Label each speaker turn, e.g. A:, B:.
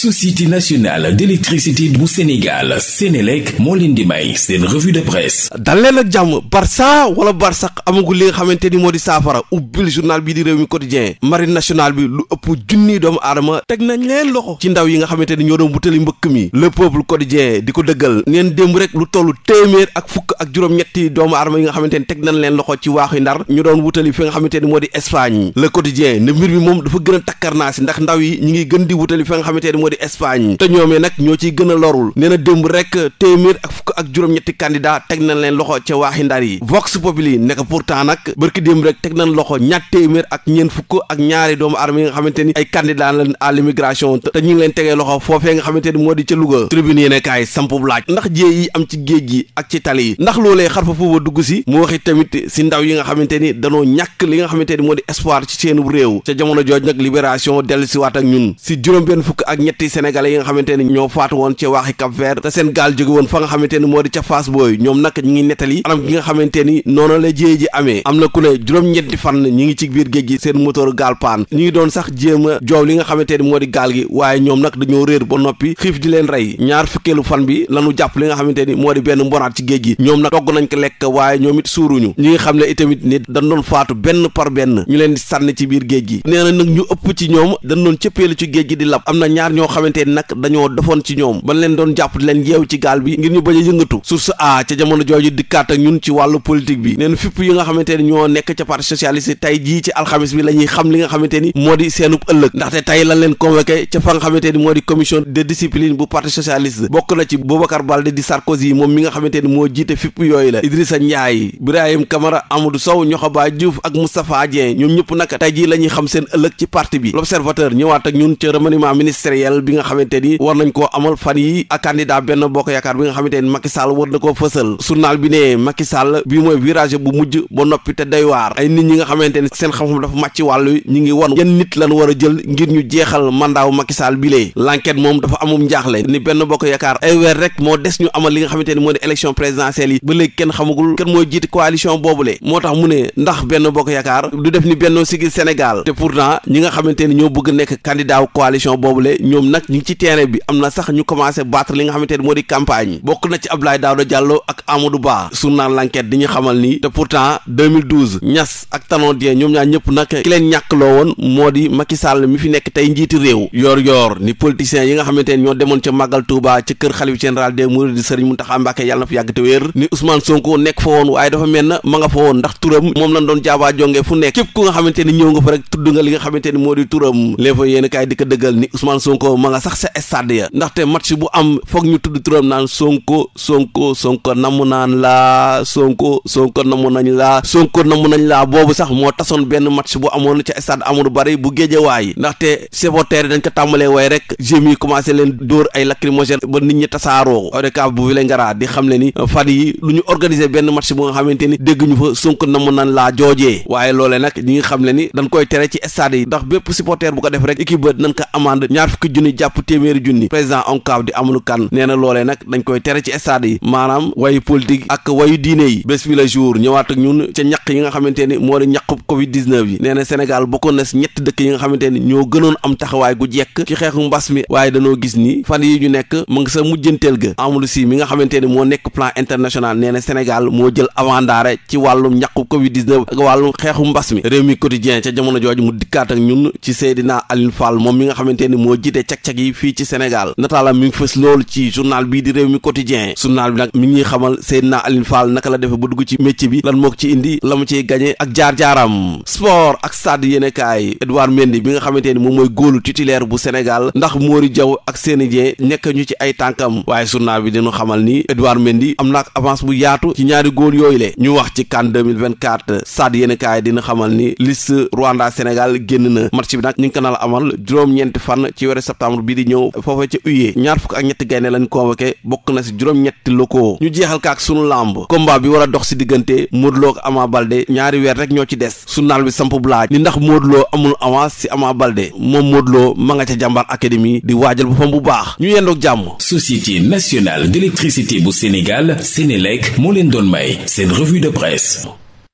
A: société nationale d'électricité bu Sénégal Sénélec moo leen di may seen revue de presse dal jàmm Barça wala Barsaq amagul li nga xamante ni moo di saafara ubbil journal bii di réew mi quotidien marine nationale bi lu ëpp junni doomu aadama teg nañ leen loxo ci ndaw yi nga xamante ni ñoo doon wutali mbëkk mi le peuple quotidien di ko dëggal neen démb rek lu toll téeméer ak fukk ak juróom-ñetti doomu aadama yi nga xamante ni teg nañ leen loxo ci waaxu ndar ñu doon ni moo di Espagne le quotidien ne a takkar naa si ndax moo di Espagne te ñoom nag ñoo ciy gën a lorul nee na rek téeméer fukk ak juróom-ñetti candidat teg nañ leen loxo ca waaxi ndar yi Vox Populi nekk pourtant nag bërki démb rek teg nañ loxo ñaar téeméer ak ñeent fukk ak ñaari doomu armée yi nga xamante ni ay candidat lañ à l'immigration ñu leen tegee loxo foofee nga xamante ni moo di ca Louga tribune yéene kaay sampub laaj ndax jée yi am ci géej gi ak ci tali yi ndax loolee xar fa foofa dugg si mu waxi tamit si ndaw yi nga xamante ni danoo ñàkk li nga xamante ni moo di espoir ci seenub réew ca jamono jooj nag libération dellu si waat ak ñun si juróom benn fukk ak ñett ñetti sénégalais yi nga xamante ni ñoo faatu woon ci waaxi Cap Vert te seen gaal jóge woon fa nga xamante ni moo di ca Fass Boy ñoom nag ñi ngi nettali anam ni noonu la jéye na ku ne juróom fan ñi ngi biir géej gi seen moteur gaal paan ñi ngi doon sax a joow li nga xamante ni moo di gaal gi waaye ñoom nag dañoo réer ba noppi xiif di leen rey ñaar fukkeelu fan bi lañu jàpp li nga xamante ni moo di benn mbonaat ci géej gi ñoom nag togg nañ ko lekk waaye ñoom it suuruñu ñi nga xam ne itamit ni dañ doon faatu benn par benn ñu leen di sànni ci biir géej gi nee na nag ñu ëpp ci ñoom dañ doon cëppeelu ci géej gi di lab am na ñaar ñoo xamante ni nag dañoo dofoon ci ñoom ban leen doon jàpp leen yeew ci gaal bi ngir ñu bañ a yëngatu source a ca jooju dikkaat ak ñun wàllu politique bi neen fipp yi nga xamante ni ñoo nekk ca parti socialiste tey jii ci alxamis bi la ñuy xam li xamante ni moo di seenub ëllëg ndaxte tey lan leen convoqué ca fa nga xamante ni moo di commission de discipline bu parti socialiste bokk na ci Boubacar Baldé di Sarkozy moom mi nga xamante ni moo jiite fipp yooyu la a Ndiaye Ibrahim Camara Amadou Sow Niokhoba Diouf ak Moustapha Dieng ñoom ñëpp nag tey jii la ñuy xam seen ëllëg ci parti bi l'observateur ñëwaat ak ñun ca remaniement ministériel fësal bi nga xamante ni war nañ koo amal fan yi ak candidat benn bokk yaakaar bi nga xamante ni Macky war na koo fësal journal bi ne Macky Sall bii mooy virage bu mujj ba noppi te day waar ay nit ñi nga xamante ni seen xam-xam dafa màcc wàllu ñi ngi wan yan nit lan war a jël ngir ñu jeexal mandaaw Macky saal bi lee l'enquête moom dafa amum njaaxle ni benn bokk yaakaar ay weer rek moo des ñu amal li nga xamante ni moo di élection présidentielle kenn xamagul kenn mooy jiite coalition moo tax ndax benn yaakaar def ni benn sigil Sénégal te pourtant ñi nga xamante ni ñoo bëgg nekk candidat coalition ñoom nag ñu ngi ci terrain bi am na sax ñu commencé battre li nga xamante ne moo di campagne yi bokk ni te pourtant 2012 Niass ak Tanor-Dieng ñoom ñaar ñëpp nag moo di Macky fi nekk tey njiiti réew yor-yor ni politiciens yi nga xamante ne ñoo demoon ca Magal Touba ca kër xalif général des Mourides turam moom fa rek tudd nga moo dëggal ni Ousmane Sonko ma nga sax sa stade ya ndaxte match bu am foog ñu tudd turam naan sonko sonko sonko namu naan laa sonko sonko namu nañ laa sonko namu nañ laa boobu sax moo tasoon benn match bu amoon ca stade Amadou Barry bu géejewaay ndaxte supporters dañ ko tàmbalee way rek jëm yi commencé leen dóor ay lacrymogène ba nit ñi tasaaroo ODCAV bu Vélingara di xam le ni fan yi lu ñu organiser benn match bu nga ni dégg ñu fa sonko naan laa joojee waaye loolee nag ñi nga xam ne ni dañ koy tere ci stade yi ndax bépp supporter bu ko def rek équipe ba dinañ ko amande ñaar fukki junni junni jàpp téeméeri junni président ONCAV di Amadou Kane nee loolee nag dañ koy tere ci stade yi maanaam wayu politique ak wayu diine yi bés bi la jour ñëwaat ak ñun ca ñaq yi nga xamante ni moo di ñaqub covid 19 yi nee na Sénégal bokkoon na si ñetti dëkk yi nga xamante ni ñoo gënoon am taxawaay gu jekk ci xeexu mbas mi waaye dañoo gis ni fan yi ñu nekk mu ngi sa mujjanteel ga Amadou Sy mi nga xamante moo nekk plan international nee na Sénégal moo jël avandaare ci wàllum ñaqub covid 19 mi réew mi quotidien ca jamono jooju mu dikkaat ak ñun ci cag-cag yi fii ci Sénégal nataalam mi ngi fës loolu ci journal bii di réew mi quotidien journal bi nag mi ngi xamal Seydina Aline Fall naka la defe ba dugg ci métier bi lan moo ko ci indi la mu ciy gañe ak jaar-jaaram sport ak stade yéenekaay Edouard Mendy bi nga xamante ni moom mooy góolu titulaire bu Sénégal ndax Mori jaw ak Seny Dieng nekk ñu ci ay tànkam waaye journal bi dinu xamal ni Edouard Mendy am na ak avance bu yaatu ci ñaari góor yooyu le ñu wax ci CAN 2024 stade yéenekaay dina xamal ni liste Rwanda Sénégal génn na match bi nag ñu ngi ko nal amal juróom-ñeenti fan ci weeru septembre bi di ñëw foofa ca uyee ñaar fukk ak ñett gaynde lañ convoqué bokk na si juróom-ñetti locaux ñu jeexal ak sunu làmb combat bi war a dox si diggante Modou Lo ak balde Baldé ñaari weer rek ñoo ci des su surnaal bi samp laaj ni ndax Modou amul avance si amaa balde moom Modou Lo ma nga ca jàmbaar académie di waajal boppam bu baax ñu yendoog jàmm Société nationale d'électricité bu Sénégal Sénélec moo leen doon may seen revue de presse